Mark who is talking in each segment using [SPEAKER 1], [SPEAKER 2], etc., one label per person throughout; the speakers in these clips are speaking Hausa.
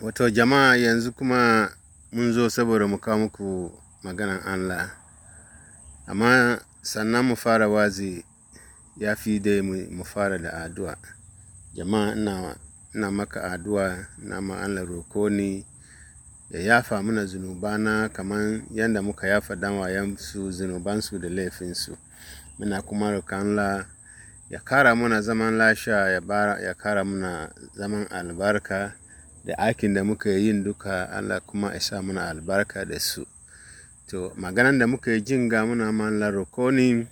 [SPEAKER 1] Wato jama'a yanzu kuma mun zo saboda mu kawo muku maganan Allah. Amma sannan mu fara wazi ya fi dai mu fara da addu'a. Jama'a ina, ina maka addu'a, na ma Allah roko ni ya yafa mana zunubana kaman yadda muka yafa dan wayensu zunubansu da laifinsu. Muna kuma roƙon Allah ya kara mana zaman lasha ya kara mana zaman albarka. da aikin da muka yi duka Allah kuma ya sa muna albarka da su to maganan da muka yi jin ga muna ma Allah ne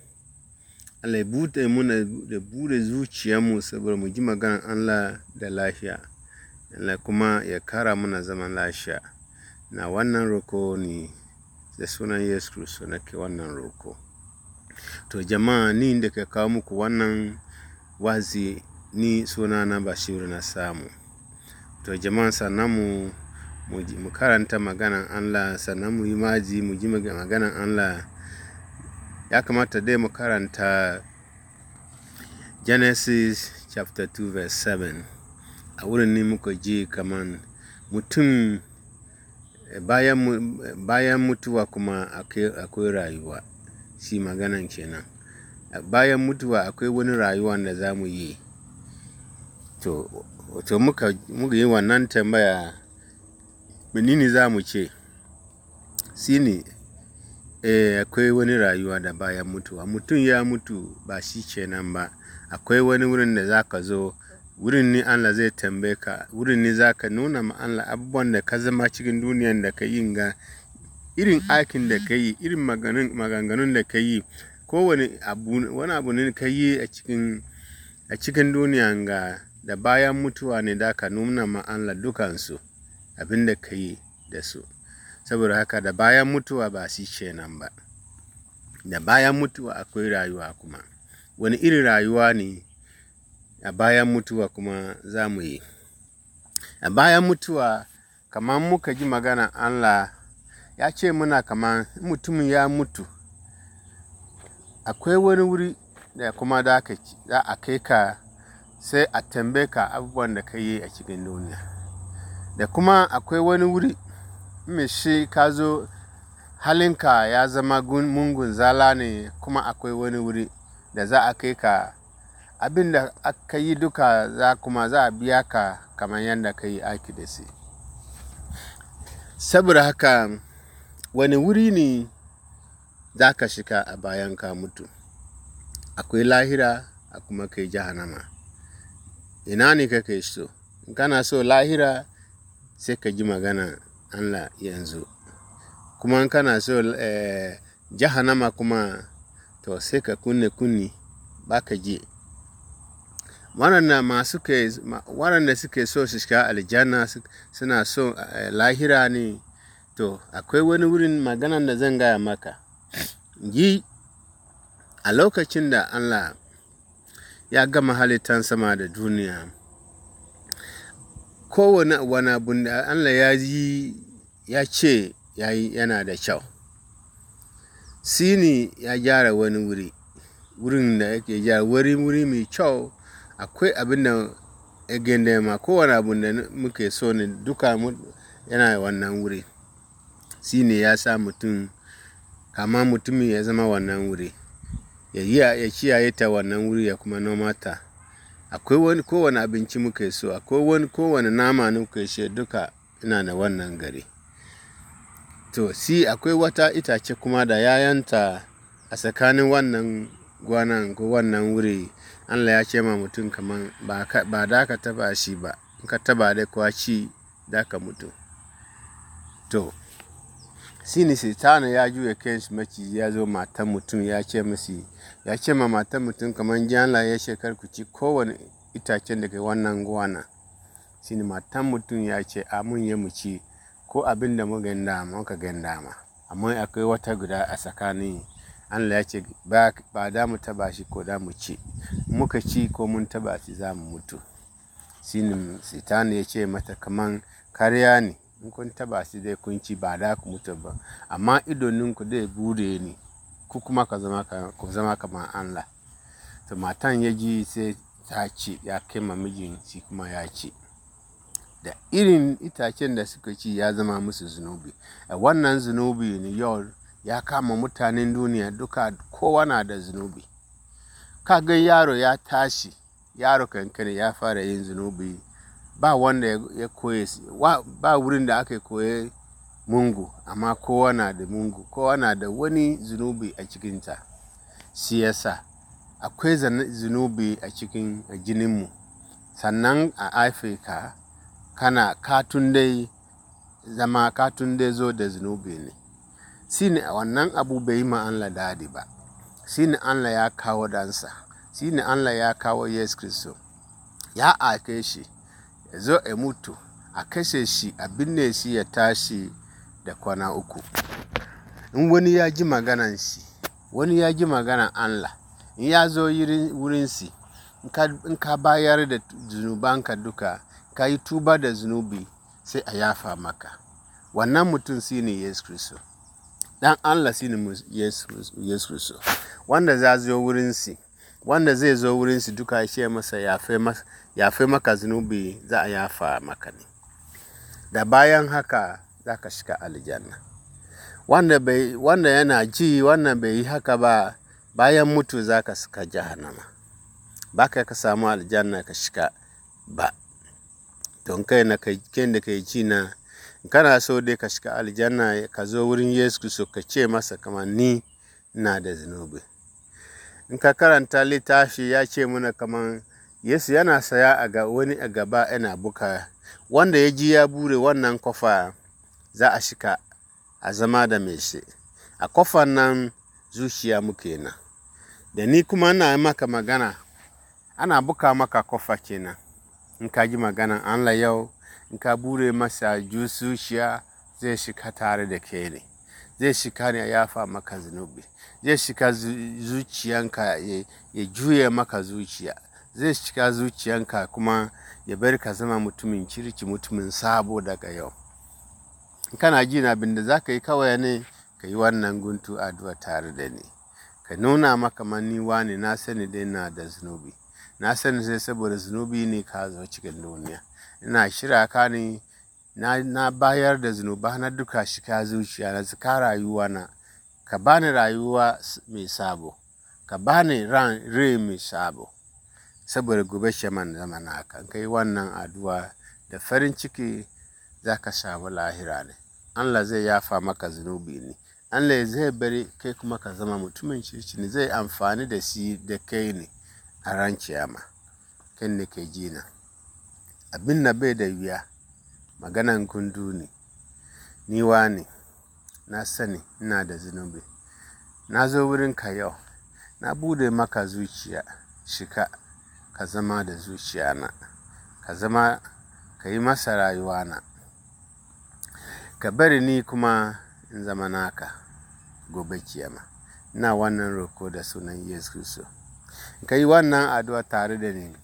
[SPEAKER 1] Allah ya bude muna da bude zuciyarmu saboda mu ji maganan Allah da lafiya Allah kuma ya kara muna zaman lafiya na wannan roko ne da sunan Yesu Kiristo nake wannan roko to jama'a ni da ka kawo muku wannan wazi ni sunana Bashiru na samu to jama'a sannan mu mu karanta maganan Allah sannan mu yi maji mu ji maganan Allah ya kamata dai mu karanta Genesis chapter 2 verse 7 a wurin ne muka ji kaman mutum bayan, bayan mutuwa kuma akwai rayuwa shi maganan kenan bayan mutuwa akwai wani rayuwa da za mu yi To, to muka, muka yi wannan tambaya, menene za mu ce? Sine, eh, akwai wani rayuwa da bayan mutuwa. Mutum ya mutu ba shi kenan nan ba. Akwai wani wurin da za ka zo, wurin ne Allah zai tambaye ka, wurin ne za ka nuna ma Allah abubuwan da ka zama cikin duniyan da ka yin ga, irin aikin da ka yi, irin maganganun da ka yi, kowane abu, wani abu ne ka yi a cikin, a cikin duniyan ga. da bayan mutuwa ne da ka nuna ma dukansu abin da ka yi da su saboda haka da bayan mutuwa ba shi nan ba da bayan mutuwa akwai rayuwa kuma wani irin rayuwa ne a bayan mutuwa kuma za mu yi a bayan mutuwa kamar muka ji magana Allah ya ce muna kamar mutumin ya mutu akwai wani wuri da kuma da a kai ka sai a tambaye ka abubuwan da ka yi a cikin duniya da kuma akwai wani wuri mai shi ka zo halinka ya zama mungun zala ne kuma akwai wani wuri da za a kai ka abin da aka yi duka za kuma za a biya ka kamar yadda ka yi aiki da su saboda haka wani wuri ne za ka shiga a bayan ka mutu akwai lahira a kuma kai jahannama ina ne kake so in kana so lahira sai ka ji magana Allah yanzu kuma in kana so eh, jahannama kuma to sai ka kunne kunni ba ka ji waɗanda suke so su shiga aljanna suna so eh, lahira ne to akwai wani wurin maganan da zan gaya maka ji a lokacin da Allah ya gama halittan sama da duniya kowane wani abun da allah ya ce ya ce yana da kyau sini ya gyara wani wuri wurin da yake gyara wuri wuri mai kyau akwai abin da ya ganda ma kowane abin da muke so ne duka yana wannan wuri sini ya sa mutum kama mutumin ya zama wannan wuri ya kiyaye ta wannan wuri ya kuma noma ta akwai wani kowane abinci muka so akwai wani kowane nama muka so duka ina da wannan gari to si akwai wata itace kuma da yayanta a tsakanin wannan gwanan ko wannan wuri allah ya ce ma mutum kaman ba da ka taba shi ba in ka taba dai kwaci da ka mutu to sini ne ya juya kayan shi maciji ya zo matan mutum ya ce masi ya ce ma matan mutum kamar jala ya shekar ku ci kowane itacen daga wannan gwana shi ne matan mutum ya ce amun ya mu ci ko abin da mu ganda ka ganda ma amma akwai wata guda a tsakanin Allah ya ce ba da mu taba shi ko da mu ci muka ci ko mun taba shi za mu mutu shi ne ya ce mata kaman kariya ne in kun taba shi dai kun ci ba da ku mutu ba amma idoninku dai bude ne ku kuma ka zama kamar Allah to matan ya ji sai ta ce ya kai mamijin shi kuma ya ce da irin itacen da suka ci ya zama musu zunubi a wannan zunubi ne yau ya kama mutanen duniya duka kowa na da zunubi ka ga yaro ya tashi yaro kankane ya fara yin zunubi ba wanda ya koye ba wurin da aka koye mungu amma kowa na da mungu kowa na da wani zunubi a cikinta siyasa akwai zunubi a cikin jininmu sannan a afirka kana katun dai zama katun dai zo da zunubi ne shi ne wannan abu bai yi ma'anla dadi ba shi ne Allah ya kawo dansa shi ne Allah ya kawo yesu kristo ya ake shi ya zo ya mutu a kashe shi a binne shi ya tashi da kwana uku in wani ya ji maganan wani ya ji maganan allah in ya zo wurin shi in ka bayar da zunubanka duka ka yi tuba da zunubi sai a yafa maka wannan mutum si ne yesu kristo dan allah si ne yesu kristo wanda za zo wurin shi wanda zai zo wurin duka ya ce masa yafe maka zunubi za a yafa maka ne da bayan haka za ka shiga aljanna wanda, yana ji wannan bai yi haka ba bayan mutu za ka suka jahannama ba ka ka samu aljanna ka shiga ba don kai na kai da kai ji na kana so dai ka shiga aljanna ka zo wurin yesu ka ce masa kamar na da zunubi in ka karanta littafi ya ce mana kaman yesu yana saya a ga wani a gaba yana buka wanda ya ji ya bure wannan kofa za a shika a zama da mai shi a kofar nan zuciya muke na da ni kuma ina maka magana ana buka maka kofa kenan in ka ji maganan allah yau in ka bure masa zuciya zai shika tare da ke ne zai shika ne fa maka zunubi zai shika zuciyanka ya juya maka zuciya zai shika zuciyanka kuma ya bar ka zama mutumin kirki mutumin sabo daga yau kana jin abin da za ka yi kawai ne ka yi wannan guntu addu'a tare da ni ka nuna maka mani wani na sani dai na da zunubi na sani sai saboda zunubi ne ka zo cikin duniya ina shirya ka ne na bayar da zunuba na duka shi ka zuciya na zika rayuwa na ka bani rayuwa mai sabo ka bani ran re mai sabo saboda gobe shaman zama na kan kai wannan addu'a da farin ciki za ka samu lahira ne allah zai yafa maka zunubi ne allah zai bari kai kuma ka zama mutumin cici ne zai amfani da si da kai ne a ran ciyama kai ne ke jina abin na bai da wuya maganan gundu ne ni ne na sani ina da zunubi na zo ka yau na bude maka zuciya shika ka zama da zuciya na ka zama ka yi masa rayuwa na ka bari ni kuma in zama naka gobe kiyama ina wannan roko da sunan yesu kristo ka yi wannan addu'a tare da ni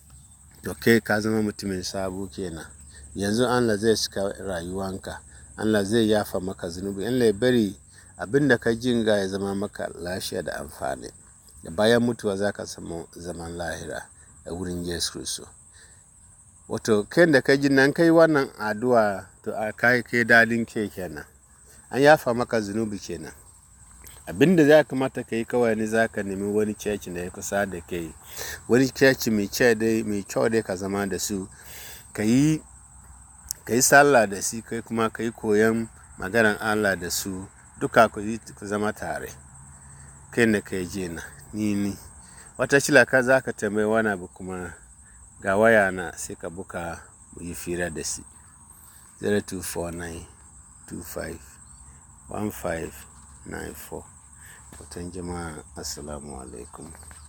[SPEAKER 1] to kai ka zama mutumin sabo kenan yanzu Allah zai cika rayuwanka Allah zai yafa maka zunubi in ya bari abin da ka jinga ya zama maka lafiya da amfani da bayan mutuwa za ka samu zaman lahira a wurin Yesu Kristo wato kai da ka jin nan kai wannan addu'a to a kai kai dadin ke kenan an yafa maka zunubi kenan abin da za kamata ka yi kawai ne za ka nemi wani ceci da ya kusa da kai wani ceci mai kyau dai ka zama da su ka yi ka yi sallah da su kai kuma ka yi koyon maganar Allah da su duka ku yi ku zama tare kai da ka je na ni ni wata shila ka za ka tambayi wani abu kuma ga waya na sai ka buka mu yi fira da su 0249 1594 watan jama'a assalamu alaikum